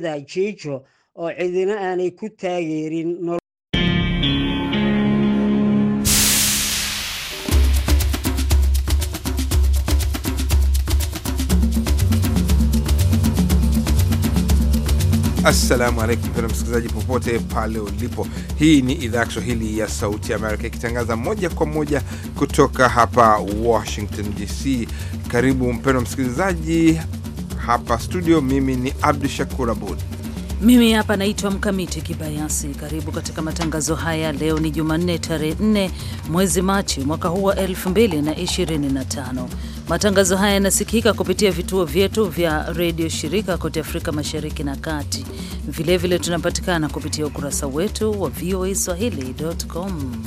jiijo oo cidina aanay ku taageerin Assalamu alaikum pena msikilizaji, popote pale ulipo, hii ni idhaa ya Kiswahili ya Sauti ya Amerika ikitangaza moja kwa moja kutoka hapa Washington DC. Karibu mpendwa msikilizaji hapa studio mimi ni Abdu Shakur Abud. Mimi hapa naitwa Mkamiti Kibayasi. Karibu katika matangazo haya. Leo ni Jumanne, tarehe 4 mwezi Machi mwaka huu wa 2025. Matangazo haya yanasikika kupitia vituo vyetu vya redio shirika kote Afrika Mashariki na Kati. Vilevile vile tunapatikana kupitia ukurasa wetu wa voa swahili.com.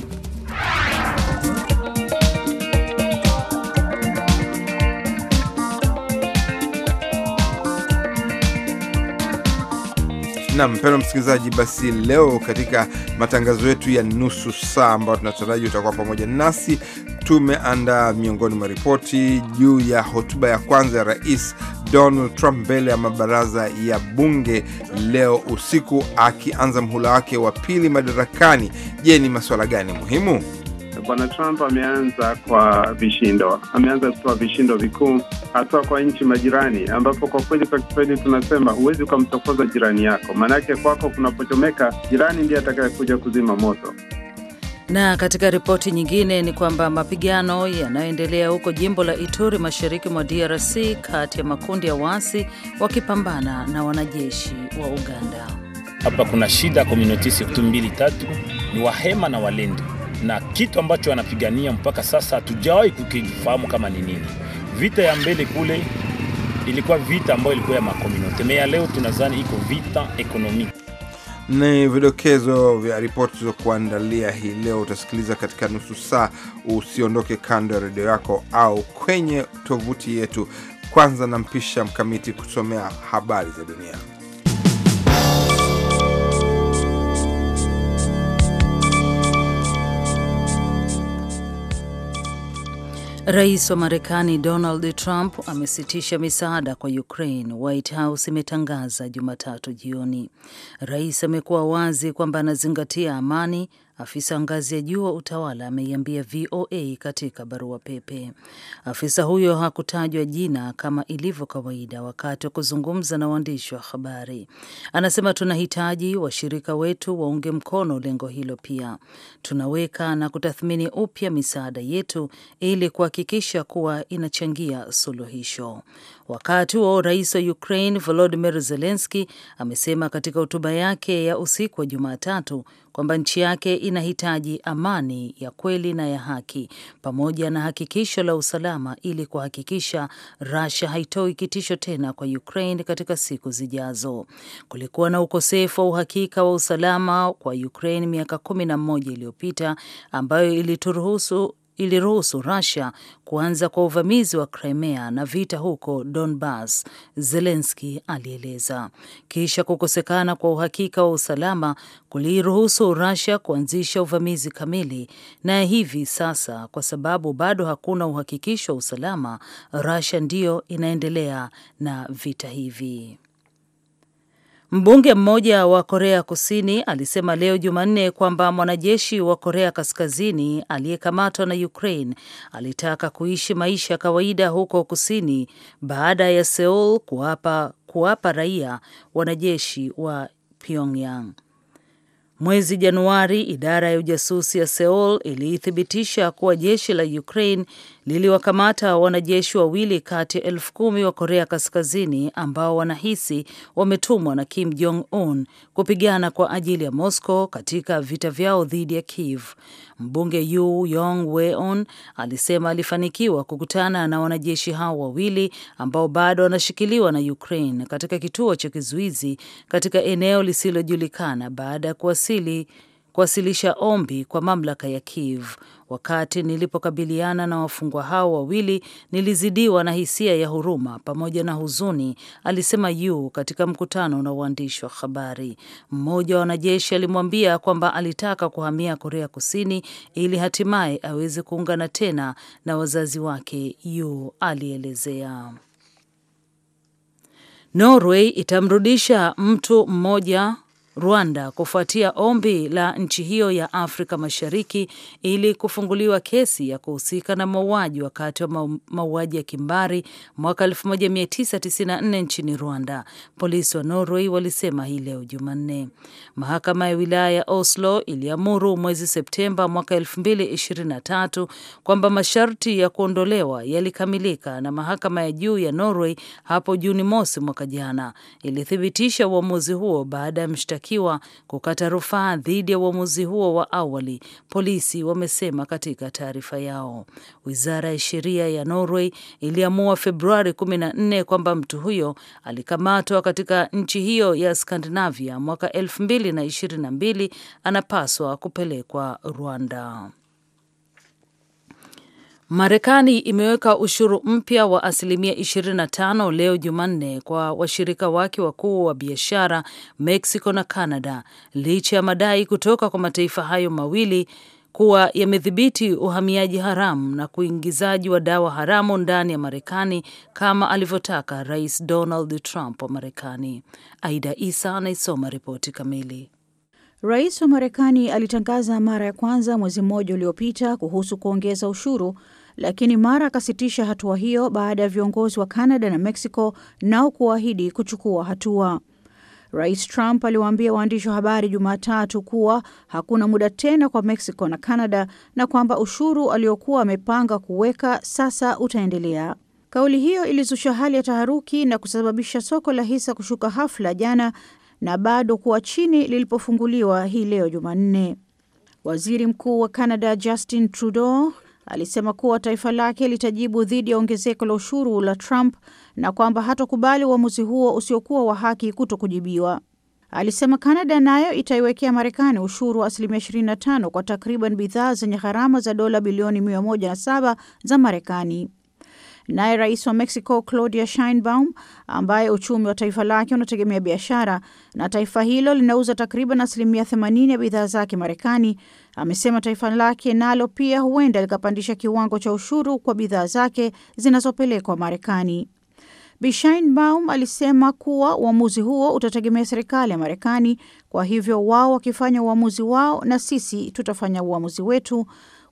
na mpendwa msikilizaji, basi leo katika matangazo yetu ya nusu saa ambayo tunataraji utakuwa pamoja nasi, tumeandaa miongoni mwa ripoti juu ya hotuba ya kwanza ya Rais Donald Trump mbele ya mabaraza ya bunge leo usiku, akianza mhula wake wa pili madarakani. Je, ni masuala gani muhimu? Bwana Trump ameanza kwa vishindo, ameanza kutoa vishindo vikuu hasa kwa nchi majirani, ambapo kwa kweli kwa Kiswahili tunasema huwezi ukamtokoza jirani yako, maanake kwako kunapochomeka jirani ndiye atakayekuja kuzima moto. Na katika ripoti nyingine ni kwamba mapigano yanayoendelea huko jimbo la Ituri mashariki mwa DRC kati ya makundi ya waasi wakipambana na wanajeshi wa Uganda. Hapa kuna shida, communities mbili tatu ni Wahema na Walendo na kitu ambacho wanapigania mpaka sasa hatujawahi kukifahamu kama ni nini. Vita ya mbele kule ilikuwa vita ambayo ilikuwa ya makominote mea, leo tunazani iko vita ekonomiki. Ni vidokezo vya ripoti za kuandalia hii leo, utasikiliza katika nusu saa. Usiondoke kando ya redio yako au kwenye tovuti yetu. Kwanza nampisha Mkamiti kusomea habari za dunia. Rais wa Marekani Donald Trump amesitisha misaada kwa Ukraine, White House imetangaza Jumatatu jioni. Rais amekuwa wazi kwamba anazingatia amani, afisa wa ngazi ya juu wa utawala ameiambia VOA katika barua pepe. Afisa huyo hakutajwa jina kama ilivyo kawaida wakati wa kuzungumza na waandishi wa habari. Anasema tunahitaji washirika wetu waunge mkono lengo hilo. Pia tunaweka na kutathmini upya misaada yetu ili kuhakikisha kuwa inachangia suluhisho. Wakati huo rais wa Ukraine volodimir zelenski amesema katika hotuba yake ya usiku wa Jumatatu kwamba nchi yake inahitaji amani ya kweli na ya haki pamoja na hakikisho la usalama ili kuhakikisha Russia haitoi kitisho tena kwa Ukraine katika siku zijazo. Kulikuwa na ukosefu wa uhakika wa usalama kwa Ukraine miaka kumi na mmoja iliyopita ambayo ilituruhusu iliruhusu Rusia kuanza kwa uvamizi wa Crimea na vita huko Donbas, zelenski alieleza. Kisha kukosekana kwa uhakika wa usalama kuliruhusu Rusia kuanzisha uvamizi kamili, na hivi sasa, kwa sababu bado hakuna uhakikisho wa usalama, Rusia ndiyo inaendelea na vita hivi. Mbunge mmoja wa Korea Kusini alisema leo Jumanne kwamba mwanajeshi wa Korea Kaskazini aliyekamatwa na Ukraine alitaka kuishi maisha ya kawaida huko kusini baada ya Seoul kuwapa kuwapa raia wanajeshi wa Pyongyang. Mwezi Januari, idara ya ujasusi ya Seoul iliithibitisha kuwa jeshi la Ukraine liliwakamata wanajeshi wawili kati ya elfu kumi wa Korea Kaskazini ambao wanahisi wametumwa na Kim Jong Un kupigana kwa ajili ya Moscow katika vita vyao dhidi ya Kiev. Mbunge Yu Yong Weon alisema alifanikiwa kukutana na wanajeshi hao wawili ambao bado wanashikiliwa na Ukraine katika kituo cha kizuizi katika eneo lisilojulikana baada ya kuwasili kuwasilisha ombi kwa mamlaka ya Kiev. Wakati nilipokabiliana na wafungwa hao wawili, nilizidiwa na hisia ya huruma pamoja na huzuni, alisema Yu katika mkutano na waandishi wa habari. Mmoja wa wanajeshi alimwambia kwamba alitaka kuhamia Korea Kusini ili hatimaye aweze kuungana tena na wazazi wake, Yu alielezea. Norway itamrudisha mtu mmoja Rwanda kufuatia ombi la nchi hiyo ya Afrika Mashariki ili kufunguliwa kesi ya kuhusika na mauaji wakati wa mauaji ya kimbari mwaka 1994 nchini Rwanda, polisi wa Norway walisema hii leo Jumanne. Mahakama ya wilaya ya Oslo iliamuru mwezi Septemba mwaka 2023 kwamba masharti ya kuondolewa yalikamilika, na mahakama ya juu ya Norway hapo Juni mosi mwaka jana ilithibitisha uamuzi huo baada ya mshtaki walioshtakiwa kukata rufaa dhidi ya uamuzi huo wa awali, polisi wamesema katika taarifa yao. Wizara ya sheria ya Norway iliamua Februari 14 kwamba mtu huyo alikamatwa katika nchi hiyo ya Skandinavia mwaka 2022 anapaswa kupelekwa Rwanda. Marekani imeweka ushuru mpya wa asilimia 25 leo Jumanne kwa washirika wake wakuu wa biashara Mexico na Canada licha ya madai kutoka kwa mataifa hayo mawili kuwa yamedhibiti uhamiaji haramu na kuingizaji wa dawa haramu ndani ya Marekani kama alivyotaka Rais Donald Trump wa Marekani. Aida Isa anaisoma ripoti kamili. Rais wa Marekani alitangaza mara ya kwanza mwezi mmoja uliopita kuhusu kuongeza ushuru lakini mara akasitisha hatua hiyo baada ya viongozi wa Canada na Mexico nao kuahidi kuchukua hatua. Rais Trump aliwaambia waandishi wa habari Jumatatu kuwa hakuna muda tena kwa Mexico na Canada na kwamba ushuru aliokuwa amepanga kuweka sasa utaendelea. Kauli hiyo ilizusha hali ya taharuki na kusababisha soko la hisa kushuka hafla jana na bado kuwa chini lilipofunguliwa hii leo Jumanne. Waziri Mkuu wa Canada Justin Trudeau alisema kuwa taifa lake litajibu dhidi ya ongezeko la ushuru la Trump na kwamba hatakubali uamuzi huo usiokuwa wa haki kuto kujibiwa. Alisema Kanada nayo itaiwekea Marekani ushuru wa asilimia 25 kwa takriban bidhaa zenye gharama za dola bilioni 107 za Marekani. Naye rais wa Mexico Claudia Sheinbaum, ambaye uchumi wa taifa lake unategemea biashara na taifa hilo linauza takriban asilimia 80 ya bidhaa zake Marekani, amesema taifa lake nalo pia huenda likapandisha kiwango cha ushuru kwa bidhaa zake zinazopelekwa Marekani. bishin baum alisema kuwa uamuzi huo utategemea serikali ya Marekani, kwa hivyo wao wakifanya uamuzi wao na sisi tutafanya uamuzi wetu.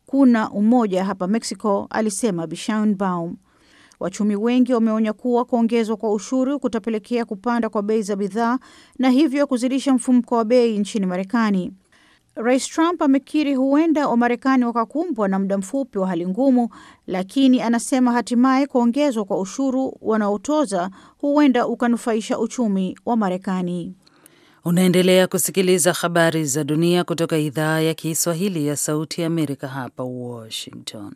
Kuna umoja hapa Mexico, alisema Bi Sheinbaum. Wachumi wengi wameonya kuwa kuongezwa kwa ushuru kutapelekea kupanda kwa bei za bidhaa na hivyo kuzidisha mfumko wa bei nchini Marekani. Rais Trump amekiri huenda Wamarekani wakakumbwa na muda mfupi wa hali ngumu, lakini anasema hatimaye kuongezwa kwa ushuru wanaotoza huenda ukanufaisha uchumi wa Marekani. Unaendelea kusikiliza habari za dunia kutoka idhaa ya Kiswahili ya Sauti ya Amerika hapa Washington.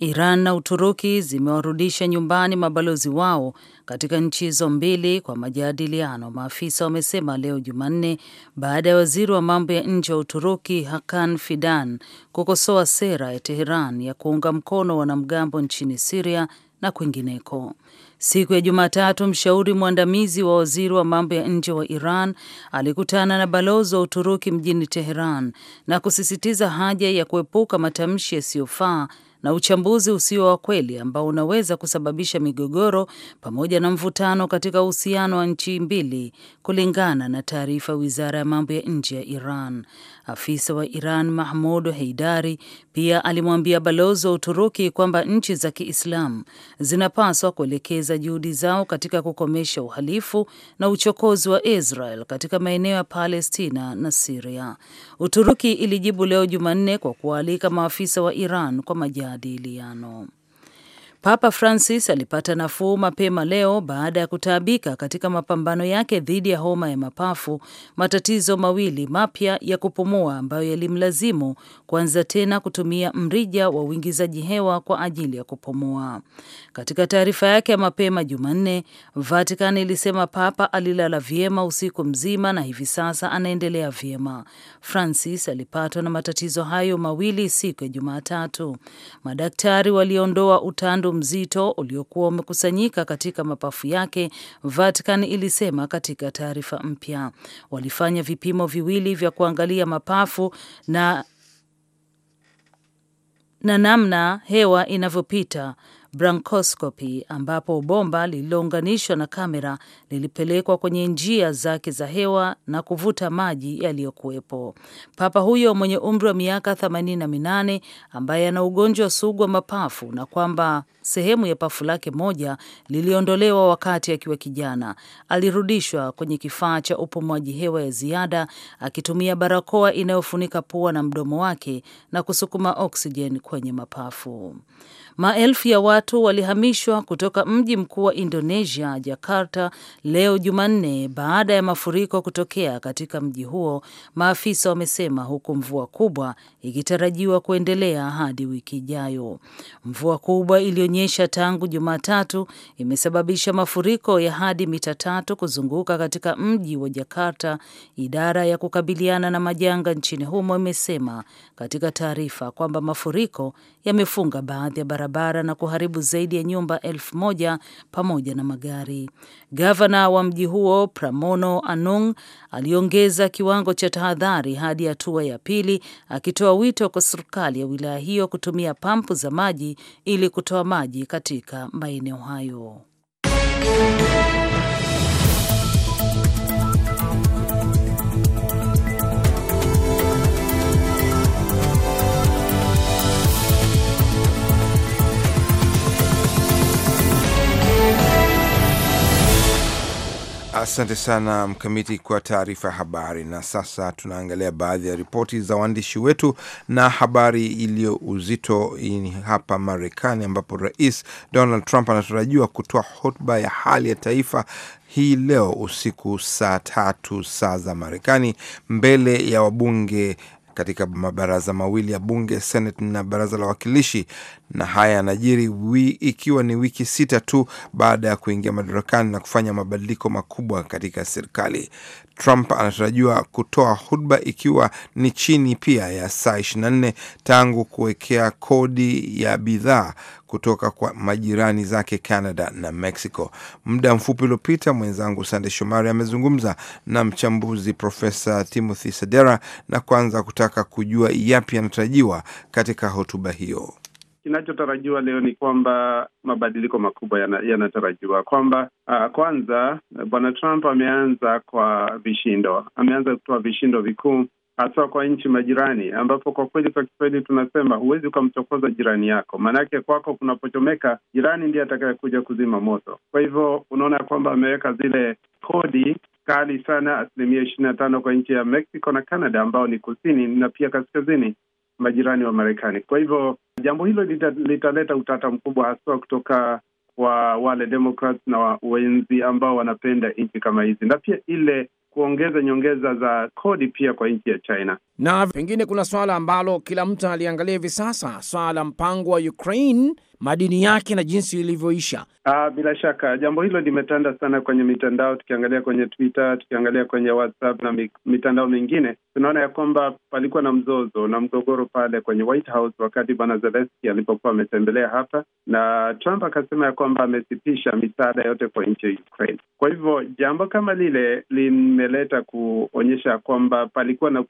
Iran na Uturuki zimewarudisha nyumbani mabalozi wao katika nchi hizo mbili kwa majadiliano, maafisa wamesema leo Jumanne, baada ya waziri wa mambo ya nje wa Uturuki Hakan Fidan kukosoa sera ya Teheran ya kuunga mkono wanamgambo nchini Siria na kwingineko. Siku ya Jumatatu, mshauri mwandamizi wa waziri wa mambo ya nje wa Iran alikutana na balozi wa Uturuki mjini Teheran na kusisitiza haja ya kuepuka matamshi yasiyofaa na uchambuzi usio wa kweli ambao unaweza kusababisha migogoro pamoja na mvutano katika uhusiano wa nchi mbili, kulingana na taarifa wizara ya mambo ya nje ya Iran. Afisa wa Iran Mahmud Heidari pia alimwambia balozi wa Uturuki kwamba nchi za Kiislamu zinapaswa kuelekeza juhudi zao katika kukomesha uhalifu na uchokozi wa Israel katika maeneo ya Palestina na Siria. Uturuki ilijibu leo Jumanne kwa kualika maafisa wa Iran kwa majadiliano. Papa Francis alipata nafuu mapema leo baada ya kutaabika katika mapambano yake dhidi ya homa ya mapafu, matatizo mawili mapya ya kupumua ambayo yalimlazimu kuanza tena kutumia mrija wa uingizaji hewa kwa ajili ya kupumua. Katika taarifa yake ya mapema Jumanne, Vatican ilisema Papa alilala vyema usiku mzima na hivi sasa anaendelea vyema. Francis alipatwa na matatizo hayo mawili siku ya Jumatatu. Madaktari waliondoa utandu mzito uliokuwa umekusanyika katika mapafu yake, Vatican ilisema katika taarifa mpya. Walifanya vipimo viwili vya kuangalia mapafu na na namna hewa inavyopita bronchoscopy, ambapo bomba lililounganishwa na kamera lilipelekwa kwenye njia zake za hewa na kuvuta maji yaliyokuwepo. Papa huyo mwenye umri wa miaka 88 ambaye ana ugonjwa sugu wa mapafu na kwamba sehemu ya pafu lake moja liliondolewa wakati akiwa kijana, alirudishwa kwenye kifaa cha upumuaji hewa ya ziada akitumia barakoa inayofunika pua na mdomo wake na kusukuma oksijeni kwenye mapafu. Maelfu ya watu watatu walihamishwa kutoka mji mkuu wa Indonesia, Jakarta, leo Jumanne baada ya mafuriko kutokea katika mji huo, maafisa wamesema, huku mvua kubwa ikitarajiwa kuendelea hadi wiki ijayo. Mvua kubwa iliyonyesha tangu Jumatatu imesababisha mafuriko ya hadi mita tatu kuzunguka katika mji wa Jakarta, idara ya kukabiliana na majanga nchini humo imesema katika taarifa kwamba mafuriko yamefunga baadhi ya barabara na kuharibu kuharibu zaidi ya nyumba elfu moja pamoja na magari. Gavana wa mji huo Pramono Anung aliongeza kiwango cha tahadhari hadi hatua ya pili, akitoa wito kwa serikali ya wilaya hiyo kutumia pampu za maji ili kutoa maji katika maeneo hayo. Asante sana Mkamiti kwa taarifa ya habari. Na sasa tunaangalia baadhi ya ripoti za waandishi wetu, na habari iliyo uzito hapa Marekani, ambapo Rais Donald Trump anatarajiwa kutoa hotuba ya hali ya taifa hii leo usiku saa tatu saa za Marekani mbele ya wabunge katika mabaraza mawili ya bunge, Senate na baraza la wawakilishi. Na haya yanajiri ikiwa ni wiki sita tu baada ya kuingia madarakani na kufanya mabadiliko makubwa katika serikali. Trump anatarajiwa kutoa hutuba ikiwa ni chini pia ya saa 24 tangu kuwekea kodi ya bidhaa kutoka kwa majirani zake Canada na Mexico. Muda mfupi uliopita, mwenzangu Sande Shomari amezungumza na mchambuzi Profesa Timothy Sadera na kwanza kutaka kujua yapi yanatarajiwa katika hotuba hiyo kinachotarajiwa leo ni kwamba mabadiliko makubwa yanatarajiwa, yana kwamba uh, kwanza bwana Trump ameanza kwa vishindo, ameanza kutoa vishindo vikuu hasa kwa nchi majirani, ambapo kwa kweli kwa Kiswahili tunasema huwezi ukamchokoza jirani yako, maanaake kwako kunapochomeka jirani ndiye atakayekuja kuzima moto. Kwa hivyo unaona kwamba ameweka zile kodi kali sana, asilimia ishirini na tano kwa nchi ya Mexico na Canada ambao ni kusini na pia kaskazini majirani wa Marekani. Kwa hivyo Jambo hilo litaleta lita utata mkubwa haswa kutoka kwa wale Democrats na wenzi ambao wanapenda nchi kama hizi na pia ile kuongeza nyongeza za kodi pia kwa nchi ya China. Na pengine kuna swala ambalo kila mtu aliangalia hivi sasa, swala la mpango wa Ukraine madini yake na jinsi ilivyoisha. Ah, bila shaka jambo hilo limetanda sana kwenye mitandao. Tukiangalia kwenye Twitter, tukiangalia kwenye WhatsApp na mitandao mingine, tunaona ya kwamba palikuwa na mzozo na mgogoro pale kwenye White House wakati bwana zelenski alipokuwa ametembelea hapa, na Trump akasema ya kwamba amesitisha misaada yote kwa nchi ya Ukraine. Kwa hivyo jambo kama lile limeleta kuonyesha kwamba palikuwa na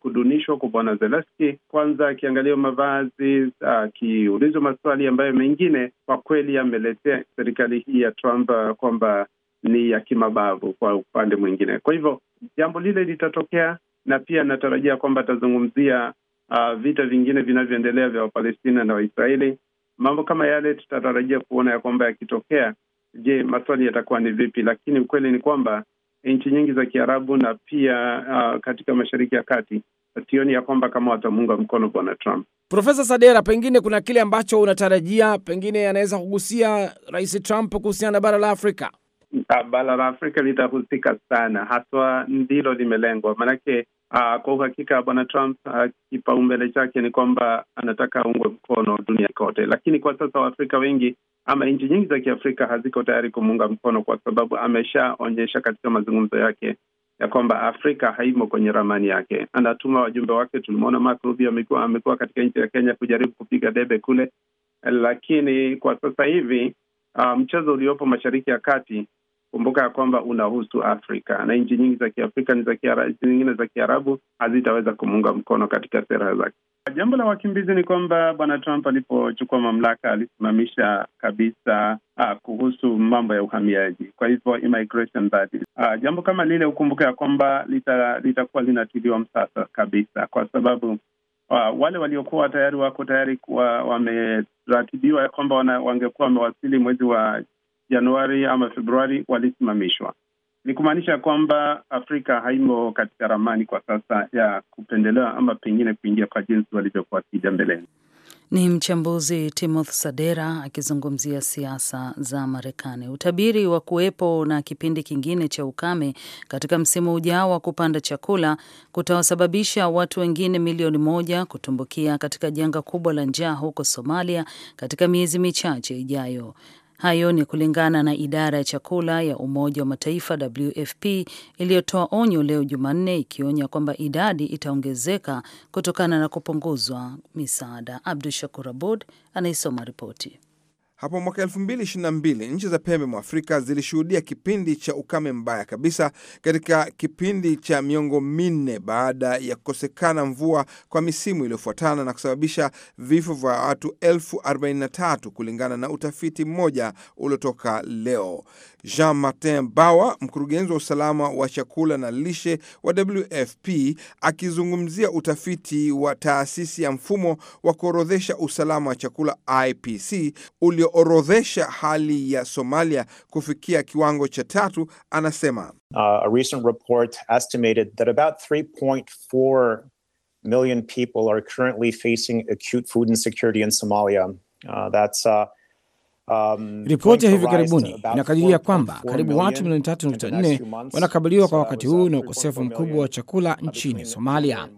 kudunishwa kwa bwana zelenski kwanza akiangaliwa mavazi, akiulizwa maswali ambayo ambayo eh, mengine kwa kweli yameletea serikali hii ya Trump eh, kwamba ni ya kimabavu kwa upande mwingine. Kwa hivyo jambo lile litatokea, na pia natarajia kwamba atazungumzia uh, vita vingine vinavyoendelea vya Wapalestina na Waisraeli. Mambo kama yale tutatarajia kuona ya kwamba yakitokea, je, maswali yatakuwa ni vipi? Lakini ukweli ni kwamba nchi nyingi za Kiarabu na pia uh, katika Mashariki ya Kati sioni ya kwamba kama watamuunga mkono bwana Trump. Profesa Sadera, pengine kuna kile ambacho unatarajia pengine anaweza kugusia Rais Trump kuhusiana na bara la Afrika? Ah, bara la Afrika litahusika sana, haswa ndilo limelengwa, maanake uh, ah, kwa uhakika bwana Trump uh, kipaumbele chake ni kwamba anataka aungwe mkono dunia kote, lakini kwa sasa Waafrika wengi ama nchi nyingi za Kiafrika haziko tayari kumuunga mkono, kwa sababu ameshaonyesha katika mazungumzo yake ya kwamba Afrika haimo kwenye ramani yake. Anatuma wajumbe wake, tulimuona Mark Rubio amekuwa amekuwa katika nchi ya Kenya kujaribu kupiga debe kule, lakini kwa sasa hivi uh, mchezo uliopo mashariki ya kati, kumbuka ya kwamba unahusu Afrika na nchi nyingi za Kiafrika ni za zingine za Kiarabu hazitaweza kumuunga mkono katika sera zake. Jambo la wakimbizi ni kwamba bwana Trump alipochukua mamlaka alisimamisha kabisa uh, kuhusu mambo ya uhamiaji, kwa hivyo immigration that ah, is. jambo kama lile hukumbuka ya kwamba litakuwa lita linatiliwa msasa kabisa, kwa sababu uh, wale waliokuwa tayari wako tayari wameratibiwa ya kwamba wangekuwa wamewasili mwezi wa Januari ama Februari walisimamishwa ni kumaanisha kwamba Afrika haimo katika ramani kwa sasa ya kupendelewa ama pengine kuingia kwa jinsi walivyokuwa kija mbeleni. Ni mchambuzi Timothy Sadera akizungumzia siasa za Marekani. Utabiri wa kuwepo na kipindi kingine cha ukame katika msimu ujao wa kupanda chakula kutawasababisha watu wengine milioni moja kutumbukia katika janga kubwa la njaa huko Somalia katika miezi michache ijayo. Hayo ni kulingana na idara ya chakula ya Umoja wa Mataifa WFP iliyotoa onyo leo Jumanne, ikionya kwamba idadi itaongezeka kutokana na kupunguzwa misaada. Abdu Shakur Abud anaisoma ripoti. Hapo mwaka 2022 nchi za pembe mwa Afrika zilishuhudia kipindi cha ukame mbaya kabisa katika kipindi cha miongo minne baada ya kukosekana mvua kwa misimu iliyofuatana na kusababisha vifo vya watu elfu 43 kulingana na utafiti mmoja uliotoka leo. Jean Martin Bawa, mkurugenzi wa usalama wa chakula na lishe wa WFP, akizungumzia utafiti wa taasisi ya mfumo wa kuorodhesha usalama wa chakula IPC ulio iliyoorodhesha hali ya Somalia kufikia kiwango cha tatu, anasema uh, a recent report estimated that about 3.4 million people are currently facing acute food insecurity in Somalia. Uh, that's uh, Um, ripoti ya hivi karibuni inakadiria kwamba karibu watu milioni 3.4 wanakabiliwa kwa wakati huu na ukosefu mkubwa wa chakula uh, nchini Somalia.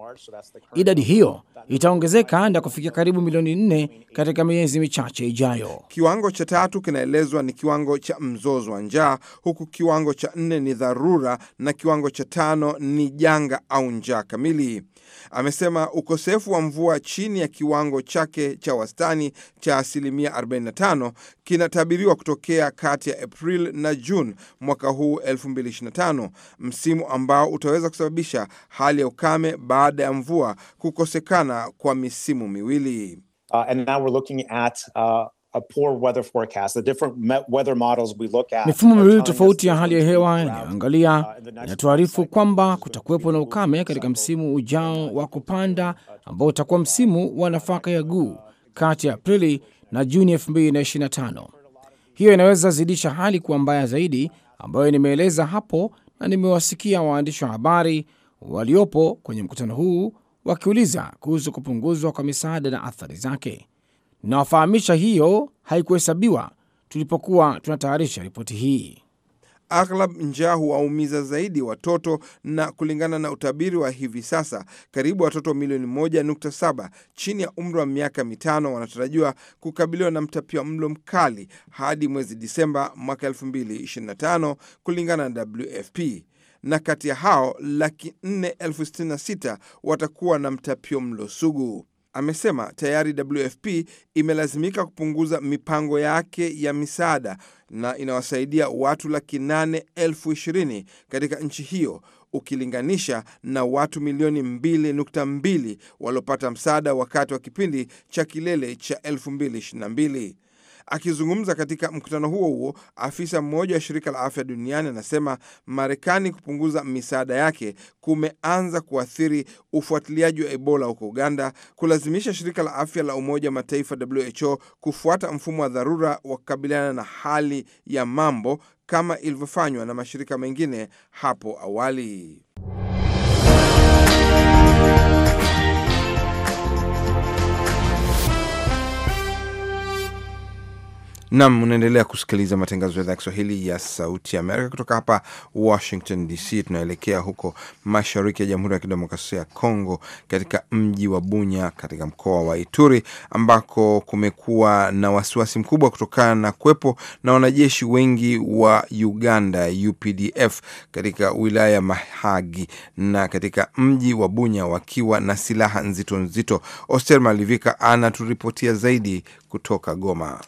Idadi hiyo itaongezeka na kufikia karibu milioni nne katika miezi michache ijayo. Kiwango cha tatu kinaelezwa ni kiwango cha mzozo wa njaa, huku kiwango cha nne ni dharura na kiwango cha tano ni janga au njaa kamili. Amesema ukosefu wa mvua chini ya kiwango chake cha wastani cha asilimia 45 kinatabiriwa kutokea kati ya April na Juni mwaka huu 2025, msimu ambao utaweza kusababisha hali ya ukame baada ya mvua kukosekana sana kwa misimu miwili. Uh, and now we're looking at, uh, a poor weather forecast. The different weather models we look at. Mifumo miwili tofauti ya hali ya hewa inayoangalia uh, inatuarifu kwamba kutakuwepo na ukame katika msimu ujao wa kupanda uh, ambao utakuwa msimu wa nafaka ya guu uh, kati ya Aprili na Juni 2025. Hiyo inaweza zidisha hali kuwa mbaya zaidi ambayo nimeeleza hapo na nimewasikia waandishi wa habari waliopo kwenye mkutano huu wakiuliza kuhusu kupunguzwa kwa misaada na athari zake. Nawafahamisha hiyo haikuhesabiwa tulipokuwa tunatayarisha ripoti hii. Aghlab njaa huwaumiza zaidi watoto, na kulingana na utabiri wa hivi sasa, karibu watoto milioni 1.7 chini ya umri wa miaka mitano wanatarajiwa kukabiliwa na mtapia mlo mkali hadi mwezi Disemba mwaka 2025 kulingana na WFP na kati ya hao laki 466 watakuwa na mtapio mlo sugu. Amesema tayari WFP imelazimika kupunguza mipango yake ya misaada na inawasaidia watu laki 820 katika nchi hiyo ukilinganisha na watu milioni 2.2 waliopata msaada wakati wa kipindi cha kilele cha 2022. Akizungumza katika mkutano huo huo, afisa mmoja wa shirika la afya duniani anasema Marekani kupunguza misaada yake kumeanza kuathiri ufuatiliaji wa Ebola huko Uganda, kulazimisha shirika la afya la Umoja wa Mataifa WHO kufuata mfumo wa dharura wa kukabiliana na hali ya mambo kama ilivyofanywa na mashirika mengine hapo awali. Nam, unaendelea kusikiliza matangazo ya idhaa ya Kiswahili ya Sauti Amerika kutoka hapa Washington DC. Tunaelekea huko mashariki ya Jamhuri ya Kidemokrasia ya Kongo, katika mji wa Bunya katika mkoa wa Ituri, ambako kumekuwa na wasiwasi mkubwa kutokana na kuwepo na wanajeshi wengi wa Uganda UPDF katika wilaya ya Mahagi na katika mji wa Bunya wakiwa na silaha nzito nzito. Oster Malivika anaturipotia zaidi kutoka Goma.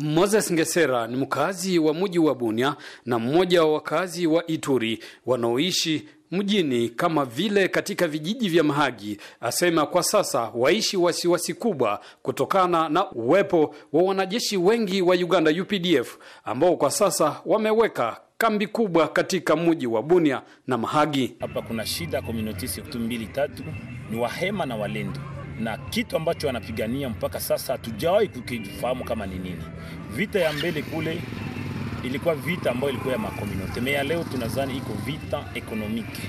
Moses Ngesera ni mkazi wa mji wa Bunia na mmoja wa wakazi wa Ituri wanaoishi mjini kama vile katika vijiji vya Mahagi. Asema kwa sasa waishi wasiwasi kubwa kutokana na uwepo wa wanajeshi wengi wa Uganda UPDF ambao kwa sasa wameweka kambi kubwa katika mji wa Bunia na Mahagi. Hapa kuna shida, communities mbili tatu ni Wahema na Walendo na kitu ambacho wanapigania mpaka sasa hatujawahi kukifahamu kama ni nini. Vita ya mbele kule ilikuwa vita ambayo ilikuwa ya makomunote, mea, ya leo tunazani iko vita ekonomiki,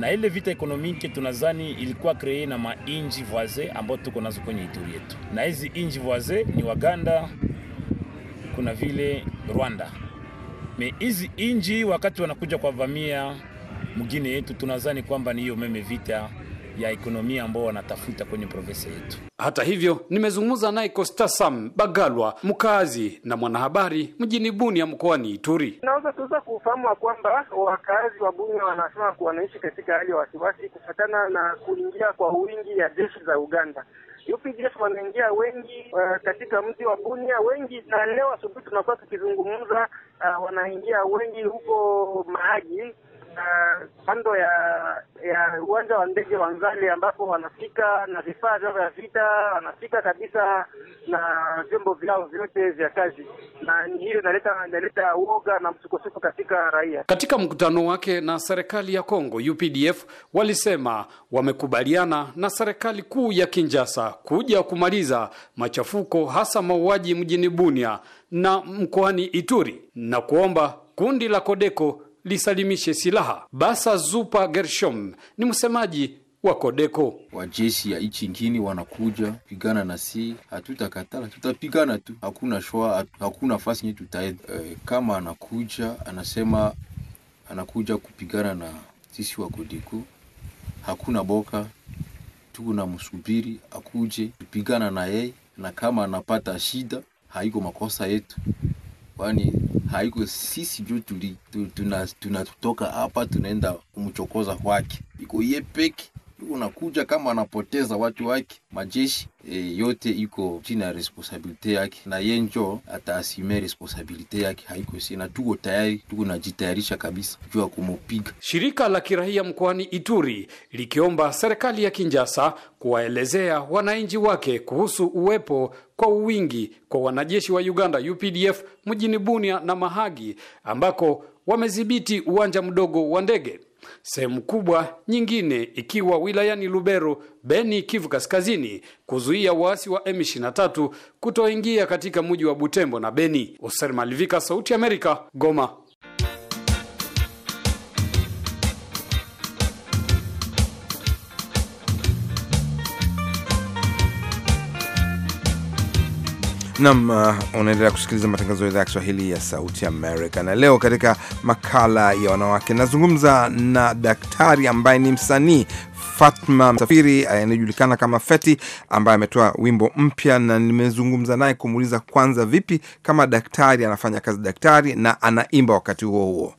na ile vita ekonomiki tunazani ilikuwa kree na mainji voise ambayo tuko nazo kwenye Ituri yetu, na hizi inji voise ni Waganda, kuna vile Rwanda. Me hizi inji wakati wanakuja kwa vamia mgine yetu tunazani kwamba ni hiyo meme vita ya ekonomia ambao wanatafuta kwenye profesa yetu. Hata hivyo, nimezungumza naye Kostasam Bagalwa, mkazi na mwanahabari mjini Bunia mkoani Ituri. Naweza tuweza kufahamu kwamba wakazi wa Bunia wanasema wanaishi katika hali ya wasiwasi kufuatana na kuingia kwa wingi ya jeshi za Uganda. UPDF wanaingia wengi uh, katika mji wa Bunia wengi, na leo asubuhi tunakuwa tukizungumza, uh, wanaingia wengi huko Mahagi kando ya ya uwanja wa ndege wa ngali ambapo wanafika na vifaa vyao vya vita, wanafika kabisa na vyombo vyao vyote vya kazi, na hiyo inaleta inaleta uoga na msukosuko katika raia. Katika mkutano wake na serikali ya Kongo, UPDF walisema wamekubaliana na serikali kuu ya kinjasa kuja kumaliza machafuko, hasa mauaji mjini Bunia na mkoani Ituri na kuomba kundi la Kodeko lisalimishe silaha. Basa Zupa Gershom ni msemaji wa Kodeko. Wajeshi ya nchi ingine wanakuja pigana na si, hatutakatala, tutapigana tu, hakuna shwa, hakuna fasi nye tutaenda. E, kama anakuja anasema anakuja kupigana na sisi wa Kodeko, hakuna boka, tuna msubiri akuje kupigana na yeye, na kama anapata shida haiko makosa yetu, kwani haiko sisi juu tunatoka tuna hapa tunaenda kumchokoza kwake, iko ye peke unakuja kama anapoteza watu wake, majeshi e, yote iko chini ya responsabilite yake, na ye njo ataasime responsabilite yake, haiko si na tuko tayari, tuko najitayarisha kabisa juu ya kumupiga. Shirika la kirahia mkoani Ituri likiomba serikali ya Kinjasa kuwaelezea wananchi wake kuhusu uwepo kwa uwingi kwa wanajeshi wa Uganda UPDF mjini Bunia na Mahagi ambako wamedhibiti uwanja mdogo wa ndege sehemu kubwa nyingine ikiwa wilayani Lubero, Beni, Kivu Kaskazini, kuzuia waasi wa M23 kutoingia katika mji wa Butembo na Beni. Oser Malivika, Sauti ya Amerika, Goma. Nam uh, unaendelea kusikiliza matangazo ya idhaa ya Kiswahili ya Sauti Amerika, na leo katika makala ya wanawake nazungumza na daktari ambaye ni msanii Fatma Msafiri anayejulikana kama Feti, ambaye ametoa wimbo mpya, na nimezungumza naye kumuuliza kwanza, vipi kama daktari anafanya kazi daktari na anaimba wakati huo huo.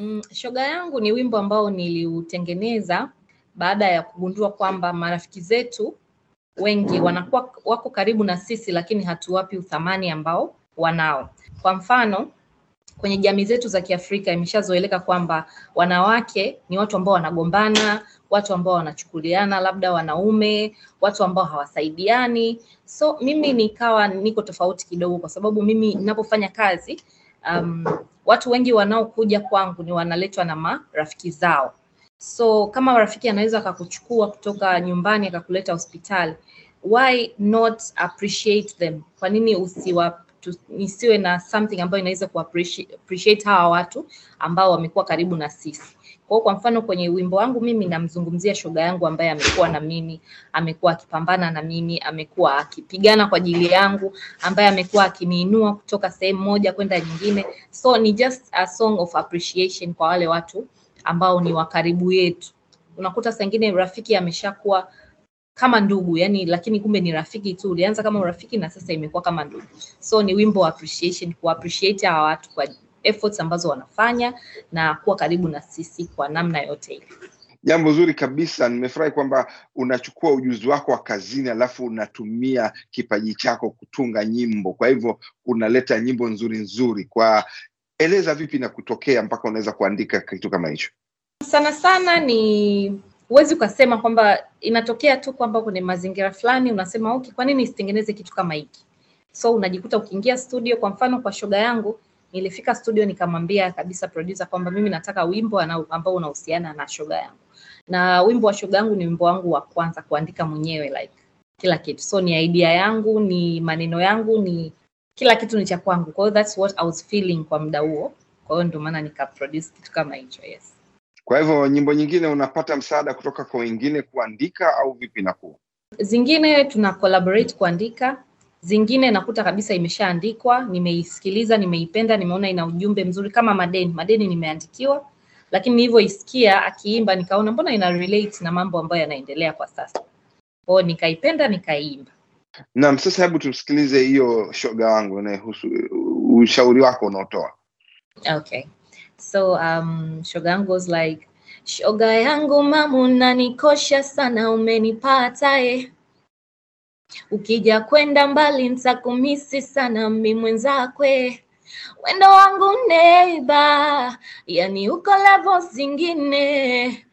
Mm, shoga yangu ni wimbo ambao niliutengeneza baada ya kugundua kwamba marafiki zetu wengi wanakuwa wako karibu na sisi, lakini hatuwapi uthamani ambao wanao. Kwa mfano kwenye jamii zetu za Kiafrika imeshazoeleka kwamba wanawake ni watu ambao wanagombana, watu ambao wanachukuliana labda wanaume, watu ambao hawasaidiani. So mimi nikawa niko tofauti kidogo, kwa sababu mimi ninapofanya kazi um, watu wengi wanaokuja kwangu ni wanaletwa na marafiki zao So kama rafiki anaweza akakuchukua kutoka nyumbani akakuleta hospitali, why not appreciate them? Kwa nini usiwa tu, nisiwe na something ambayo inaweza appreciate hawa watu ambao wamekuwa karibu na sisi. Kwa kwa mfano kwenye wimbo wangu mimi namzungumzia shoga yangu ambaye amekuwa na mimi, amekuwa akipambana na mimi, amekuwa akipigana kwa ajili yangu, ambaye amekuwa akiniinua kutoka sehemu moja kwenda nyingine. So ni just a song of appreciation kwa wale watu ambao ni wa karibu yetu. Unakuta saa ingine rafiki ameshakuwa kama ndugu yani, lakini kumbe ni rafiki tu, ulianza kama urafiki na sasa imekuwa kama ndugu. So ni wimbo wa appreciation, ku appreciate hawa watu kwa efforts ambazo wanafanya na kuwa karibu na sisi kwa namna yote ile. Jambo zuri kabisa. Nimefurahi kwamba unachukua ujuzi wako wa kazini, alafu unatumia kipaji chako kutunga nyimbo. Kwa hivyo unaleta nyimbo nzuri nzuri kwa eleza vipi na kutokea mpaka unaweza kuandika kitu kama hicho? Sana sana ni huwezi ukasema kwamba inatokea tu kwamba kwenye mazingira fulani unasema okay, kwa nini nisitengeneze kitu kama hiki? So unajikuta ukiingia studio. Kwa mfano kwa shoga yangu nilifika studio nikamwambia kabisa producer kwamba mimi nataka wimbo ambao unahusiana na shoga yangu, na wimbo wa shoga yangu ni wimbo wangu wa kwanza kuandika mwenyewe like kila kitu. So ni idea yangu, ni maneno yangu, ni kila kitu ni cha kwangu. Kwa hiyo that's what I was feeling kwa muda huo, kwa hiyo ndio maana nikaproduce kitu kama hicho. Yes. Kwa hivyo nyimbo nyingine unapata msaada kutoka kwa wengine kuandika au vipi? Nakuwa zingine tuna collaborate kuandika, zingine nakuta kabisa imeshaandikwa, nimeisikiliza, nimeipenda, nimeona ina ujumbe mzuri, kama madeni madeni nimeandikiwa lakini nilivyoisikia akiimba nikaona mbona ina relate na mambo ambayo yanaendelea kwa sasa, kwao nikaipenda, nikaimba. Naam, sasa hebu tusikilize hiyo shoga wangu inayehusu uh, ushauri wako unaotoa. Okay. So um, shoga yangu was like shoga yangu mamu nanikosha sana umenipata eh. Ukija kwenda mbali ntakumisi sana mmi mwenzakwe wendo wangu neiba, yani uko levo zingine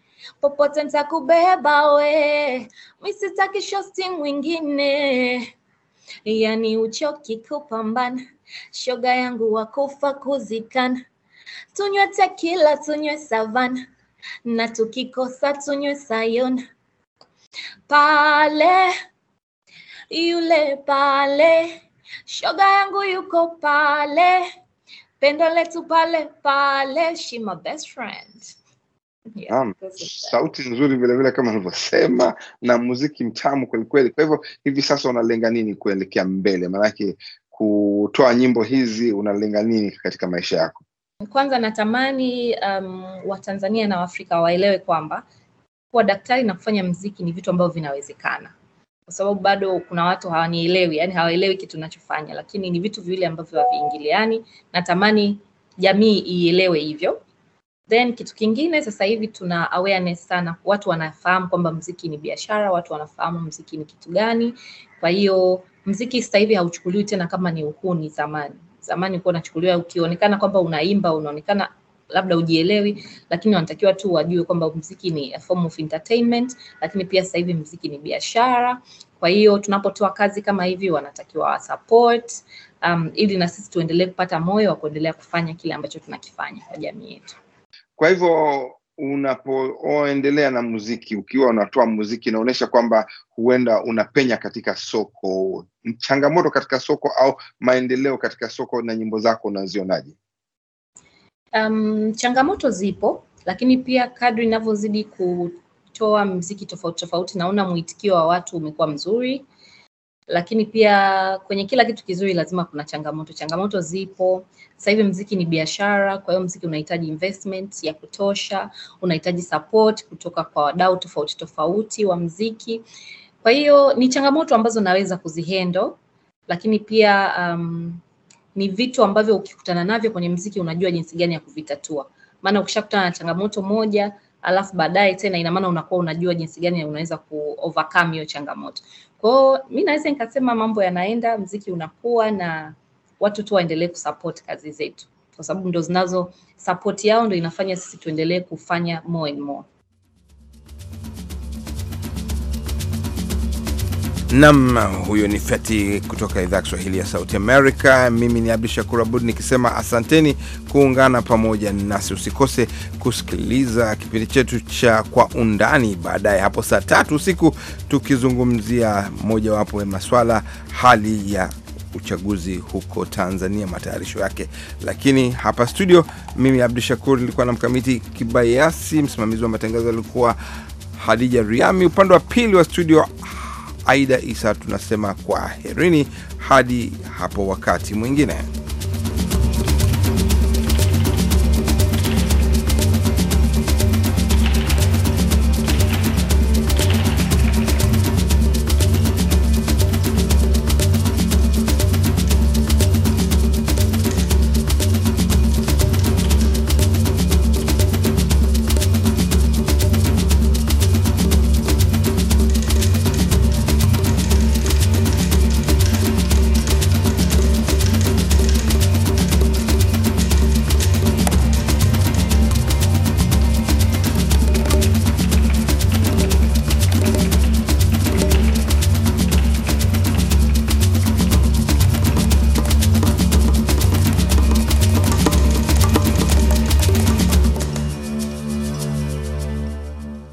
popote nitakubeba we, sitaki shosti mwingine, yani uchoki kupambana, shoga yangu wakufa kuzikana, tunywe tekila, tunywe savana na tukikosa tunywe sayona pale yule pale, shoga yangu yuko pale, pendo letu pale pale, she my best friend. Naam, sauti nzuri vile vile kama alivyosema, na muziki mtamu kwelikweli. Kwa hivyo hivi sasa unalenga nini kuelekea mbele? Maanake kutoa nyimbo hizi unalenga nini katika maisha yako? Kwanza natamani um, Watanzania na Waafrika waelewe kwamba kuwa daktari na kufanya mziki ni vitu ambavyo vinawezekana, kwa sababu bado kuna watu hawanielewi, yani hawaelewi kitu nachofanya, lakini ni vitu viwili ambavyo haviingiliani. Natamani jamii ielewe hivyo Then kitu kingine sasa hivi tuna awareness sana, watu wanafahamu kwamba mziki ni biashara, watu wanafahamu mziki ni kitu gani. Kwa hiyo mziki sasa hivi hauchukuliwi tena kama ni uhuni. Zamani zamani ulikuwa unachukuliwa ukionekana kwamba unaimba, unaonekana labda ujielewi, lakini wanatakiwa tu wajue kwamba mziki ni a form of entertainment, lakini pia sasa hivi mziki ni biashara. Kwa hiyo tunapotoa kazi kama hivi wanatakiwa wa support um, ili na sisi tuendelee kupata moyo wa kuendelea kufanya kile ambacho tunakifanya kwa jamii yetu. Kwa hivyo unapoendelea na muziki, ukiwa unatoa muziki, inaonyesha kwamba huenda unapenya katika soko, changamoto katika soko au maendeleo katika soko, na nyimbo zako unazionaje? Um, changamoto zipo, lakini pia kadri inavyozidi kutoa mziki tofauti tofauti, naona mwitikio wa watu umekuwa mzuri lakini pia kwenye kila kitu kizuri lazima kuna changamoto. Changamoto zipo. Sasa hivi mziki ni biashara, kwa hiyo mziki unahitaji investment ya kutosha, unahitaji support kutoka kwa wadau tofauti tofauti wa mziki. Kwa hiyo ni changamoto ambazo naweza kuzihendo, lakini pia um, ni vitu ambavyo ukikutana navyo kwenye mziki unajua jinsi gani ya kuvitatua, maana ukishakutana na changamoto moja alafu baadaye tena ina maana unakuwa unajua jinsi gani unaweza ku overcome hiyo changamoto. Kwao mi naweza nikasema mambo yanaenda, mziki unakuwa na watu tu waendelee kusupport kazi zetu, kwa sababu ndo zinazo support yao ndo inafanya sisi tuendelee kufanya more and more. Nam, huyo ni Feti kutoka idhaa ya Kiswahili ya Sauti Amerika. Mimi ni Abdu Shakur Abud nikisema asanteni kuungana pamoja nasi. Usikose kusikiliza kipindi chetu cha Kwa Undani baadaye hapo saa tatu usiku, tukizungumzia mojawapo ya maswala hali ya uchaguzi huko Tanzania, matayarisho yake. Lakini hapa studio, mimi Abdu Shakur nilikuwa na Mkamiti Kibayasi, msimamizi wa matangazo alikuwa Hadija Riami, upande wa pili wa studio Aida Isa tunasema kwa herini hadi hapo wakati mwingine.